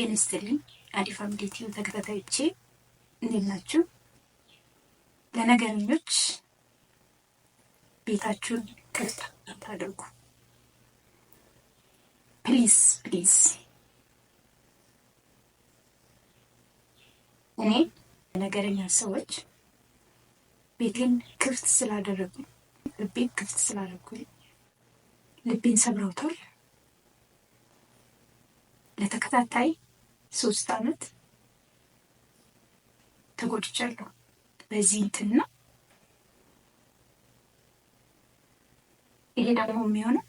ጤና ይስጥልኝ አሪፍ አምዴት ተከታታዮቼ እንዴት ናችሁ? ለነገረኞች ቤታችሁን ክፍት አታድርጉ። ፕሊዝ ፕሊዝ። እኔ ለነገረኛ ሰዎች ቤቴን ክፍት ስላደረጉ ልቤን ክፍት ስላደረጉ ልቤን ሰብረውታል። ለተከታታይ ሶስት አመት ተጎድቻለሁ በዚህ እንትን ይሄ ደግሞ የሚሆነው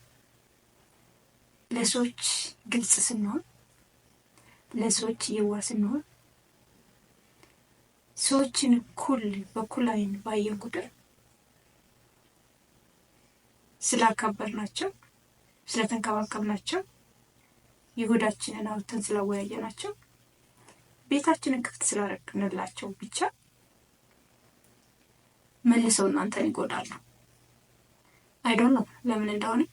ለሰዎች ግልጽ ስንሆን፣ ለሰዎች የዋ ስንሆን፣ ሰዎችን እኩል በኩል አይን ባየን ቁጥር ስላከበርናቸው፣ ስለተንከባከብናቸው ይሁዳችንን አውጥተን ስላወያየናቸው ቤታችንን ክፍት ስላረግንላቸው ብቻ መልሰው እናንተን ይጎዳሉ። ዶንት ኖ ለምን እንደሆነ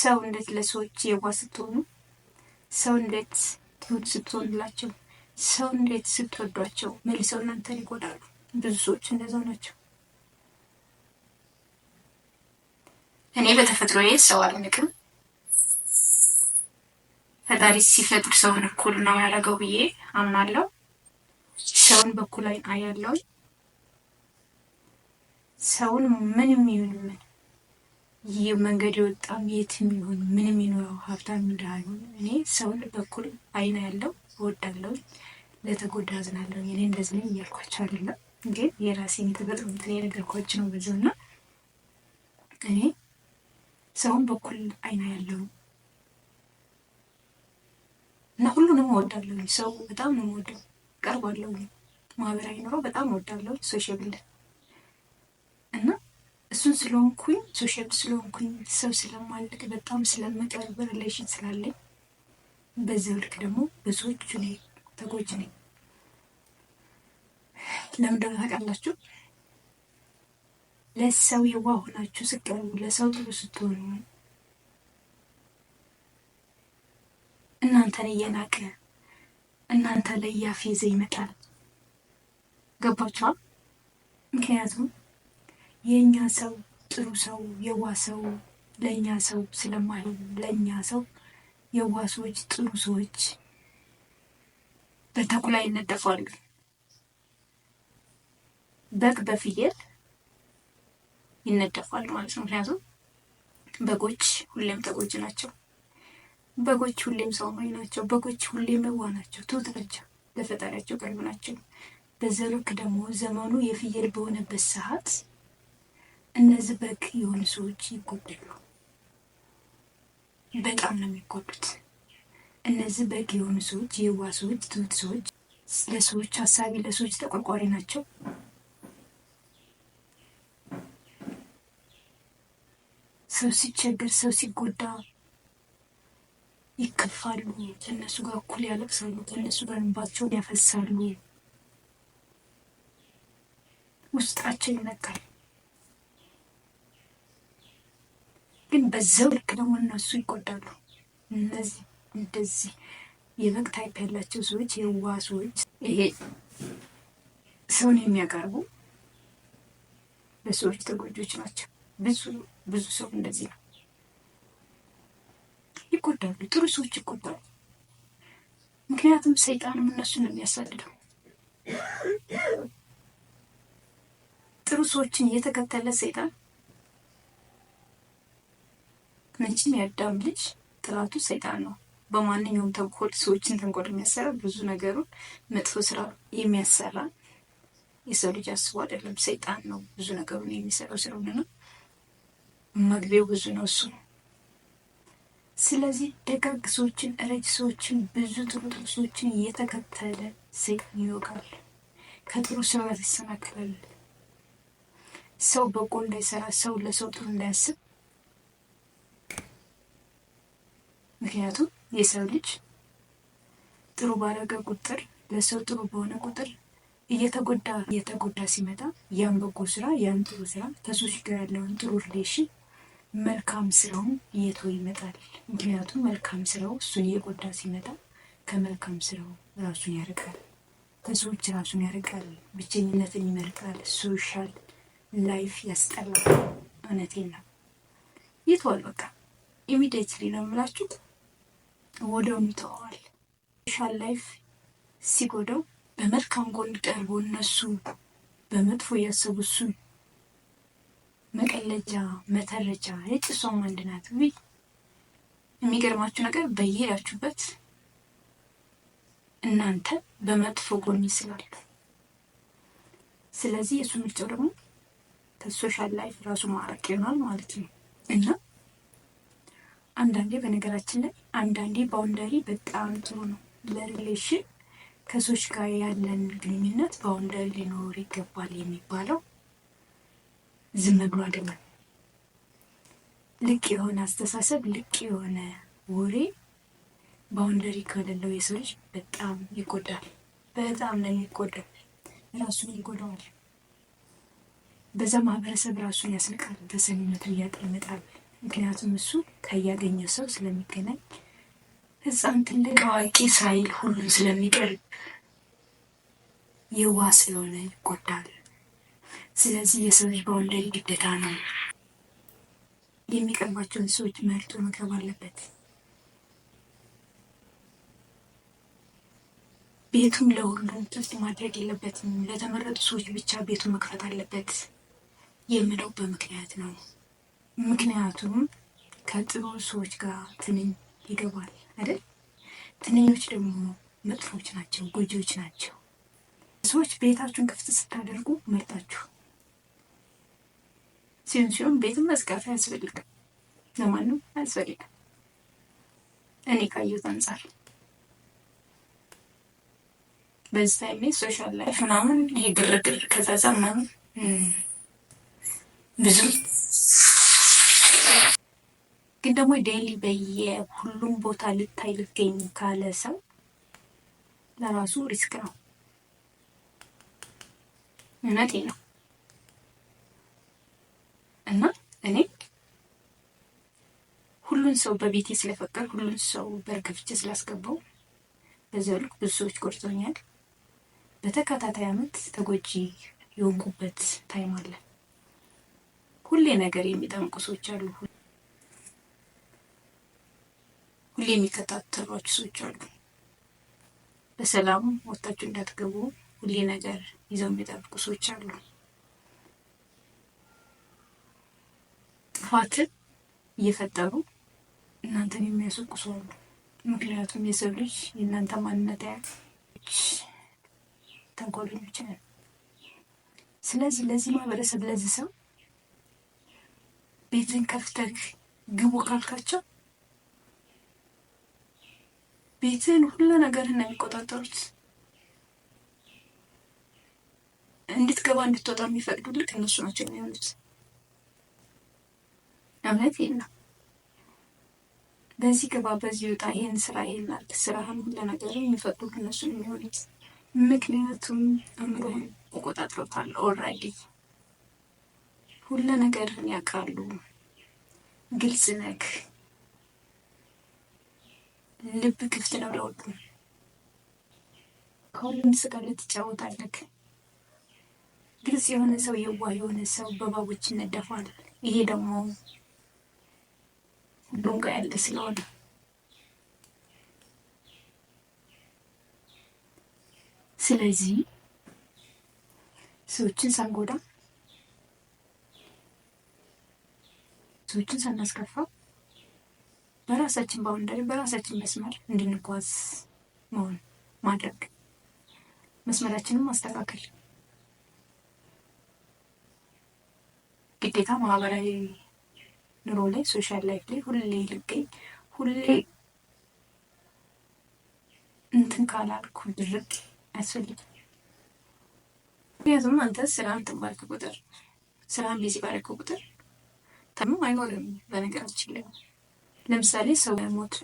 ሰው እንዴት ለሰዎች የዋህ ስትሆኑ፣ ሰው እንዴት ትሁት ስትሆንላቸው፣ ሰው እንዴት ስትወዷቸው መልሰው እናንተን ይጎዳሉ። ብዙ ሰዎች እንደዛው ናቸው። እኔ በተፈጥሮዬ ሰው አልንቅም። ፈጣሪ ሲፈጥር ሰውን እኩል ነው ያደረገው ብዬ አምናለሁ። ሰውን በኩል አይን አያለው። ሰውን ምንም ይሁን ምን ይህ መንገድ የወጣም የትም ይሁን ምንም ይኖረው ሀብታም እንዳይሆን እኔ ሰውን በኩል አይን ያለው እወዳለሁ። ለተጎዳ አዝናለሁ። እኔ እንደዚህ ነኝ እያልኳቸው አይደለም፣ ግን የራሴን የተፈጥሮ እንትን የነገርኳቸው ነው። በዚው እና እኔ ሰውን በኩል አይና ያለው እና ሁሉንም እወዳለሁ። ሰው በጣም ነው የምወደው፣ ቀርባለሁ። ማህበራዊ ኑሮ በጣም እወዳለሁ፣ ሶሻል እና እሱን ስለሆንኩኝ ሶሻል ስለሆንኩኝ ሰው ስለማልቅ በጣም ስለመቀርብ ሪሌሽን ስላለኝ በዚህ ልክ ደግሞ ብዙዎች እኔ ተጎጅ ነኝ። ለምንድነው ታውቃላችሁ? ለሰው የዋህ ሆናችሁ ስቀርቡ፣ ለሰው ጥሩ ስትሆኑ እናንተን እየናቀ እናንተ ላይ እያፌዘ ይመጣል። ገባችኋል? ምክንያቱም የእኛ ሰው ጥሩ ሰው የዋ ሰው ለእኛ ሰው ስለማይሆን ለእኛ ሰው የዋ ሰዎች ጥሩ ሰዎች በተኩላ ይነደፋሉ። በግ በፍየል ይነደፋል ማለት ነው። ምክንያቱም በጎች ሁሌም ተጎጂ ናቸው። በጎች ሁሌም ሰማኝ ናቸው። በጎች ሁሌም የዋ ናቸው፣ ትሁት ናቸው፣ ለፈጣሪያቸው ቀርብ ናቸው። በዛ ልክ ደግሞ ዘመኑ የፍየል በሆነበት ሰዓት እነዚህ በግ የሆኑ ሰዎች ይጎዳሉ። በጣም ነው የሚጎዱት። እነዚህ በግ የሆኑ ሰዎች የዋ ሰዎች፣ ትሁት ሰዎች፣ ለሰዎች ሀሳቢ፣ ለሰዎች ተቆርቋሪ ናቸው። ሰው ሲቸገር፣ ሰው ሲጎዳ ይከፋሉ፣ ከነሱ ጋር እኩል ያለቅሳሉ፣ ከነሱ ጋር እንባቸውን ያፈሳሉ። ውስጣቸው ይነካል። ግን በዛው ልክ ደግሞ እነሱ ይቆዳሉ። እነዚህ እንደዚህ የበግ ታይፕ ያላቸው ሰዎች፣ የዋ ሰዎች፣ ይሄ ሰውን የሚያቀርቡ ለሰዎች ተጎጆች ናቸው። ብዙ ብዙ ሰው እንደዚህ ነው። ይጎዳሉ። ጥሩ ሰዎች ይጎዳሉ። ምክንያቱም ሰይጣንም እነሱን ነው የሚያሳድደው። ጥሩ ሰዎችን እየተከተለ ሰይጣን መቼም ያዳም ልጅ ጥላቱ ሰይጣን ነው። በማንኛውም ተንኮል ሰዎችን ተንኮል የሚያሰራ ብዙ ነገሩን መጥፎ ስራ የሚያሰራ የሰው ልጅ አስቦ አይደለም፣ ሰይጣን ነው ብዙ ነገሩን የሚሰራው። ስለሆነ ነው መግቢያው ብዙ ነው እሱ ነው። ስለዚህ ደጋግ ሰዎችን ረጅ ሰዎችን ብዙ ጥሩ ሰዎችን እየተከተለ ሴት ይወጋል፣ ከጥሩ ስራ ይሰናከላል። ሰው በጎ እንዳይሰራ፣ ሰው ለሰው ጥሩ እንዳያስብ። ምክንያቱም የሰው ልጅ ጥሩ ባረገ ቁጥር ለሰው ጥሩ በሆነ ቁጥር እየተጎዳ እየተጎዳ ሲመጣ ያን በጎ ስራ ያን ጥሩ ስራ ከሰዎች ጋር ያለውን ጥሩ ሪሌሽን መልካም ስራውን እየተው ይመጣል። ምክንያቱም መልካም ስራው እሱን እየጎዳ ሲመጣ ከመልካም ስራው ራሱን ያርቃል፣ ከሰዎች ራሱን ያርቃል፣ ብቸኝነትን ይመርጣል። ሶሻል ላይፍ ያስጠላል። እውነት ነው። ይተዋል። በቃ ኢሚዲየትሊ ነው የምላችሁ፣ ወደውም ይተዋዋል። ሶሻል ላይፍ ሲጎደው በመልካም ጎን ቀርቦ እነሱ በመጥፎ እያሰቡ እሱን መቀለጃ መተረጃ የጭ ሰውም አንድ ናት። የሚገርማችሁ ነገር በየሄዳችሁበት እናንተ በመጥፎ ጎን ይስላል። ስለዚህ የእሱ ምርጫው ደግሞ ከሶሻል ላይፍ ራሱ ማራቅ ይሆናል ማለት ነው እና አንዳንዴ በነገራችን ላይ አንዳንዴ ባውንደሪ በጣም ጥሩ ነው ለሪሌሽን ከሰዎች ጋር ያለን ግንኙነት ባውንደሪ ሊኖር ይገባል የሚባለው ዝም ብሎ አይደለም። ልቅ የሆነ አስተሳሰብ፣ ልቅ የሆነ ወሬ ባውንደሪ ከሌለው የሰው ልጅ በጣም ይጎዳል። በጣም ነው ይጎዳል። ራሱን ይጎዳዋል። በዛ ማህበረሰብ ራሱን ያስንቃል፣ ተሰሚነቱን እያጠመጣል። ይመጣል። ምክንያቱም እሱ ከያገኘ ሰው ስለሚገናኝ ህፃን ትልቅ አዋቂ ሳይል ሁሉም ስለሚቀርብ የዋ ስለሆነ ይጎዳል። ስለዚህ የሰው ልጅ በወንደሪ ግዴታ ነው የሚቀርባቸውን ሰዎች መርጦ መቅረብ አለበት። ቤቱን ለሁሉም ጥፍት ማድረግ የለበትም። ለተመረጡ ሰዎች ብቻ ቤቱን መክፈት አለበት የምለው በምክንያት ነው። ምክንያቱም ከጥሩ ሰዎች ጋር ትንኝ ይገባል አይደል? ትንኞች ደግሞ መጥፎች ናቸው፣ ጎጂዎች ናቸው። ሰዎች ቤታችሁን ክፍት ስታደርጉ መርጣችሁ ሲሆን ሲሆን ቤትን መዝጋት አያስፈልግም፣ ለማንም አያስፈልግም። እኔ ካየሁት አንጻር በዚህ ታይም ሶሻል ላይፍ ምናምን ይሄ ግርግር ከዛዛ ምናምን ብዙም ግን ደግሞ ዴይሊ በየሁሉም ቦታ ልታይ ልገኝ ካለ ሰው ለራሱ ሪስክ ነው። እውነቴ ነው እና እኔ ሁሉን ሰው በቤቴ ስለፈቀድ ሁሉን ሰው በርከፍቼ ስላስገባው በዚያው ልክ ብዙ ሰዎች ጎድቶኛል። በተከታታይ አመት ተጎጂ የወንቁበት ታይም አለ። ሁሌ ነገር የሚጠምቁ ሰዎች አሉ። ሁሌ የሚከታተሏችሁ ሰዎች አሉ። በሰላም ወጥታችሁ እንዳትገቡ ሁሌ ነገር ይዘው የሚጠብቁ ሰዎች አሉ። ጥፋትን እየፈጠሩ እናንተን የሚያስቁ ሰው አሉ። ምክንያቱም የሰው ልጅ የእናንተ ማንነት ያ ተንኮለኞች ነን። ስለዚህ ለዚህ ማህበረሰብ ለዚህ ሰው ቤትን ከፍተክ ግቡ ካልካቸው ቤትን ሁሉ ነገርህን ነው የሚቆጣጠሩት። እንድትገባ እንድትወጣ የሚፈቅዱልህ እነሱ ናቸው የሚሆኑት። እምነት የለም። በዚህ ግባ፣ በዚህ ውጣ፣ ይህን ስራ፣ ይሄናል፣ ስራህን፣ ሁሉ ነገር የሚፈቅዱ እነሱ የሚሆኑት። ምክንያቱም አእምሮህን ተቆጣጥሮታል ኦልሬዲ ሁሉ ነገርን ያውቃሉ። ግልጽ ነክ ልብ ክፍት ነው ለሁሉም። ከሁሉም ስጋ ልትጫወታለህ። ግልጽ የሆነ ሰው የዋ የሆነ ሰው በባቦች ይነደፋል። ይሄ ደግሞ ሁሉም ጋር ያለ ስለሆነ ስለዚህ ሰዎችን ሳንጎዳ ሰዎችን ሳናስከፋ በራሳችን ባውንደሪ በራሳችን መስመር እንድንጓዝ መሆን ማድረግ መስመራችንን ማስተካከል ግዴታ ማህበራዊ ኑሮ ላይ ሶሻል ላይፍ ላይ ሁሌ ልገኝ ሁሌ እንትን ካላልኩ ድርቅ አያስፈልግም። ምክንያቱም አንተ ስራ እንትን ባልክ ቁጥር ስራን ቢዚ ባልክ ቁጥር ታሞ አይኖርም። በነገራችን ላይ ለምሳሌ ሰው ሞት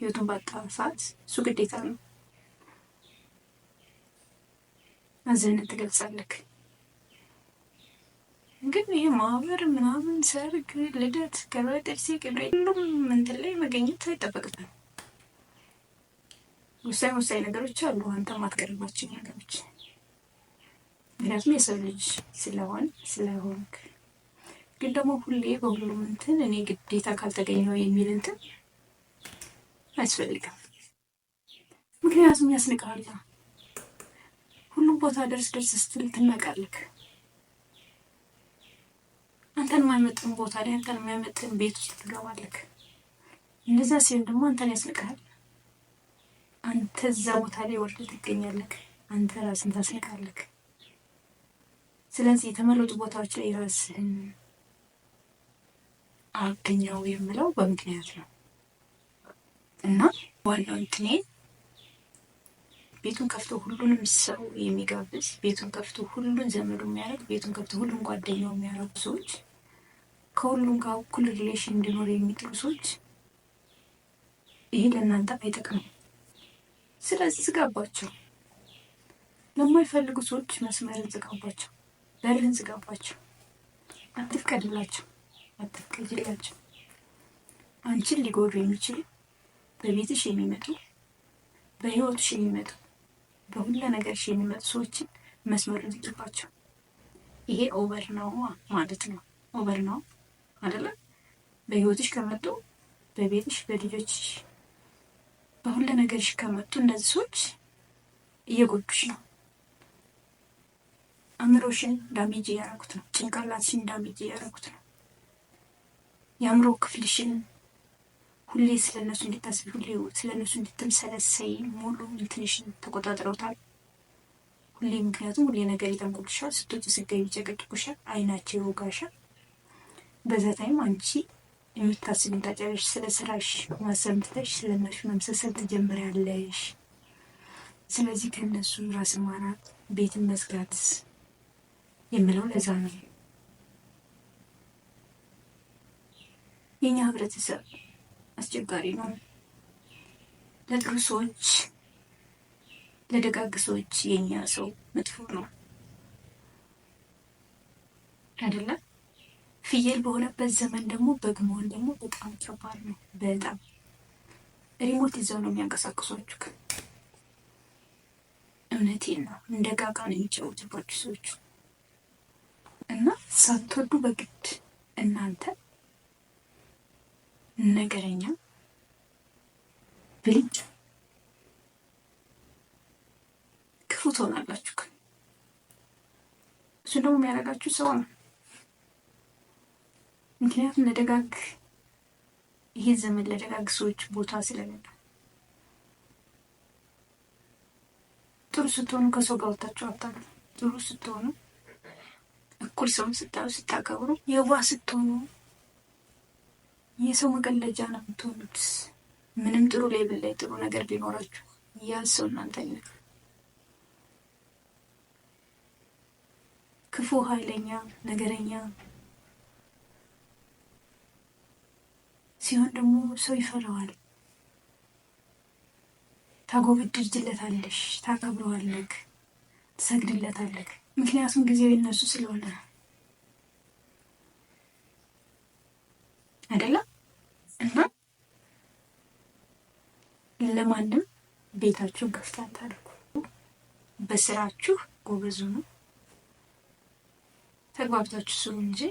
ህይወቱን ባጣ ሰዓት እሱ ግዴታ ነው፣ አዘነት ትገልጻለክ። ግን ይሄ ማህበር ምናምን፣ ሰርግ፣ ልደት፣ ገብረ ጥርሴ ቅብሬ ሁሉም እንትን ላይ መገኘት አይጠበቅብን። ወሳኝ ወሳኝ ነገሮች አሉ፣ አንተ ማትቀርባቸው ነገሮች። ምክንያቱም የሰው ልጅ ስለሆን ስለሆንክ ግን ደግሞ ሁሌ በሁሉም እንትን እኔ ግዴታ ካልተገኘው የሚል እንትን አያስፈልግም። ምክንያቱም ያስንቃል። ሁሉም ቦታ ደርስ ደርስ ስትል ትናቃለህ። አንተን የማይመጥን ቦታ ላይ አንተን የማይመጥን ቤት ውስጥ ትገባለህ። እንደዛ ሲሆን ደግሞ አንተን ያስንቃል። አንተ እዛ ቦታ ላይ ወርድ ትገኛለህ። አንተ ራስን ታስንቃለህ። ስለዚህ የተመረጡ ቦታዎች ላይ ራስህን አገኘው የምለው በምክንያት ነው እና ዋናው እንትኔ ቤቱን ከፍቶ ሁሉንም ሰው የሚጋብዝ ቤቱን ከፍቶ ሁሉን ዘመዱ የሚያደርግ ቤቱን ከፍቶ ሁሉን ጓደኛው የሚያደርጉ ሰዎች ከሁሉም ጋር እኩል ሪሌሽን እንዲኖር የሚጥሩ ሰዎች ይሄ ለእናንተ አይጠቅምም። ስለዚህ ዝጋባቸው። ለማይፈልጉ ሰዎች መስመርን ዝጋባቸው፣ በርህን ዝጋባቸው። አትፍቀድላቸው፣ አትፍቀድላቸው። አንቺን ሊጎዱ የሚችሉ በቤትሽ የሚመጡ በህይወትሽ የሚመጡ በሁሉ ነገርሽ የሚመጡ ሰዎችን መስመሩን ዝጊባቸው። ይሄ ኦቨር ነው ማለት ነው። ኦቨር ነው። አይደለም በህይወትሽ ከመጡ በቤትሽ በልጆችሽ በሁለ ነገርሽ ከመጡ እነዚህ ሰዎች እየጎዱሽ ነው። አእምሮሽን ዳሜጅ እያደረጉት ነው። ጭንቅላትሽን ዳሜጅ እያደረጉት ነው። የአእምሮ ክፍልሽን ሁሌ ስለነሱ እንድታስቢ፣ ሁሌ ስለነሱ እንድትምሰለሰይ ሙሉ እንትንሽን ተቆጣጥረውታል። ሁሌ ምክንያቱም ሁሌ ነገር ይጠንቁልሻል። ስትወጪ ስትገቢ ይጨቀጭቁሻል። አይናቸው ይወጋሻል። በዛ አንቺ የምታስቢውን ታጫለሽ። ስለ ስራሽ ማሰብ ትተሽ ስለ እነሱ መምሰሰብ ትጀምሪያለሽ። ስለዚህ ከእነሱ ራስ ማራቅ፣ ቤትን መዝጋት የምለው ለዛ ነው። የኛ ህብረተሰብ አስቸጋሪ ነው። ለጥሩ ሰዎች፣ ለደጋግ ሰዎች የኛ ሰው መጥፎ ነው አይደለም ፍየል በሆነበት ዘመን ደግሞ በግ መሆን ደግሞ በጣም ከባድ ነው። በጣም ሪሞት ይዘው ነው የሚያንቀሳቅሷችሁ። እውነቴን ነው። እንደ ጋጋ ነው የሚጫወትባችሁ ሰዎቹ እና ሳትወዱ በግድ እናንተ ነገረኛ ብልጭ ክፉ ትሆናላችሁ። እሱ ደግሞ የሚያደርጋችሁ ሰው ነው። ምክንያቱም ለደጋግ ይሄ ዘመን ለደጋግ ሰዎች ቦታ ስለነበር ጥሩ ስትሆኑ ከሰው ጋር ወታችሁ አታሉ። ጥሩ ስትሆኑ እኩል ሰውን ስታዩ ስታከብሩ፣ የዋ ስትሆኑ የሰው መቀለጃ ነው የምትሆኑት። ምንም ጥሩ ሌብል ላይ ጥሩ ነገር ቢኖራችሁ ያ ሰው እናንተ ክፉ፣ ኃይለኛ፣ ነገረኛ ሲሆን ደግሞ ሰው ይፈራዋል። ታጎበድጅለታለሽ፣ ታከብረዋለግ፣ ትሰግድለታለክ። ምክንያቱም ጊዜው የነሱ ስለሆነ አይደለም እና ለማንም ቤታችሁን ክፍት ታደርጉ። በስራችሁ ጎበዙ ነው ተግባብታችሁ ስሩ እንጂ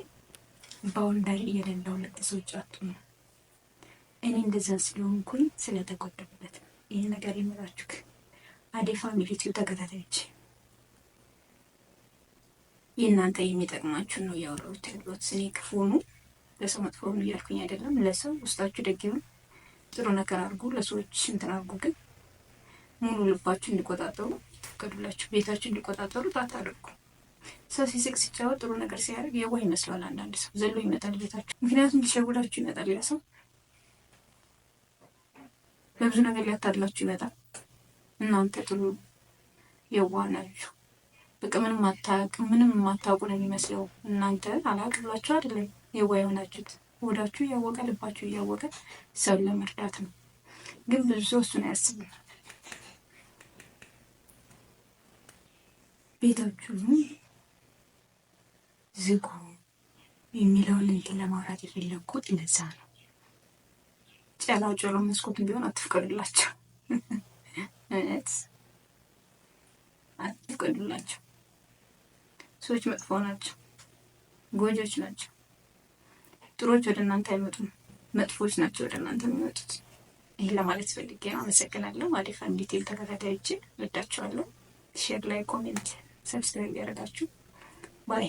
ባውንደሪ የሌለው ለቅሶች አትሁኑ። እኔ እንደዛ ስለሆንኩኝ ስለተቆደበት ይህ ነገር የምላችሁ አዴ ፋሚሊ ዩቲዩብ ተከታታዮች የእናንተ የሚጠቅማችሁ ነው ያወራሁት ያለሁት። እኔ ክፉ ሆኑ ለሰው መጥፎ ሆኑ እያልኩኝ አይደለም። ለሰው ውስጣችሁ ደግ ይሁን ጥሩ ነገር አድርጉ፣ ለሰዎች እንትን አድርጉ። ግን ሙሉ ልባችሁ እንዲቆጣጠሩ ይታገዱላችሁ፣ ቤታችሁ እንዲቆጣጠሩ ጣት አድርጉ። ሰው ሲስቅ ሲጫወት ጥሩ ነገር ሲያደርግ የዋህ ይመስለዋል። አንዳንድ ሰው ዘሎ ይመጣል ቤታችሁ፣ ምክንያቱም ሊሸውዳችሁ ይመጣል ያ ሰው በብዙ ነገር ሊያታድላችሁ ይመጣል። እናንተ ጥሩ የዋ ናችሁ። በቃ ምንም ማታቅ ምንም የማታውቁ ነው የሚመስለው። እናንተ አላውቅ ብላችሁ አይደለም የዋ የሆናችሁት፣ ሆዳችሁ እያወቀ ልባችሁ እያወቀ ሰው ለመርዳት ነው። ግን ብዙ ሰው እሱን አያስብም። ቤታችሁ ዝጉ የሚለውን እንትን ለማውራት የፈለግኩት ለዛ ነው። ጨላጨሎ መስኮትም ቢሆን አትፍቀዱላቸው፣ አትፍቀዱላቸው። ሰዎች መጥፎ ናቸው፣ ጎጆች ናቸው። ጥሮች ወደ እናንተ አይመጡም፣ መጥፎች ናቸው ወደ እናንተ የሚመጡት። ይህ ለማለት ፈልጌ ነው። አመሰግናለሁ። አሪፍ ዲቴል ተከታታዮችን ወዳቸዋለሁ። ሼር ላይ ኮሜንት ሰብስክራይብ ያደረጋችሁ ባይ